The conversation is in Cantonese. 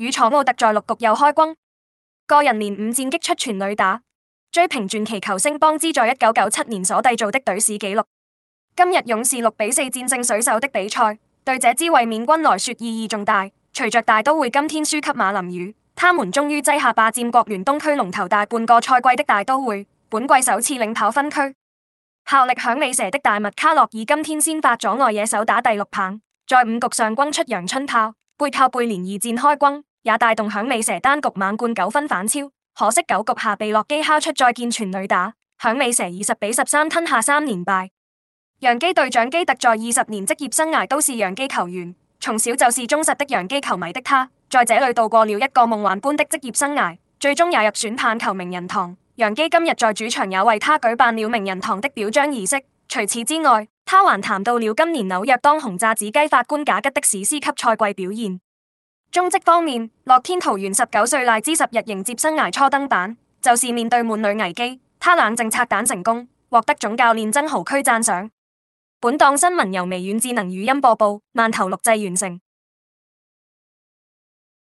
與楚奧特在六局又開轟，個人連五戰擊出全壘打，追平傳奇球星邦茲在一九九七年所締造的隊史紀錄。今日勇士六比四戰勝水手的比賽，對這支衛冕軍來說意義重大。隨着大都會今天輸給馬林魚，他們終於擠下霸佔國聯東區龍頭大半個賽季的大都會，本季首次領跑分區。效力響尾蛇的大物卡洛爾今天先發左外野手打第六棒，在五局上轟出陽春炮，背靠背連二戰開轟。也帶動響尾蛇單局猛灌九分反超，可惜九局下被洛基敲出再見全壘打，響尾蛇二十比十三吞下三連敗。洋基隊長基特在二十年職業生涯都是洋基球員，從小就是忠實的洋基球迷的他，在這裏度過了一個夢幻般的職業生涯，最終也入選棒球名人堂。洋基今日在主場也為他舉辦了名人堂的表彰儀式。除此之外，他還談到了今年紐約當紅炸子雞法官賈吉的史詩級賽季表現。中職方面，樂天桃猿十九歲賴之十日迎接生涯初登板，就是面對滿壘危機，他冷靜拆彈成功，獲得總教練曾豪區讚賞。本檔新聞由微軟智能語音播報，慢頭錄製完成。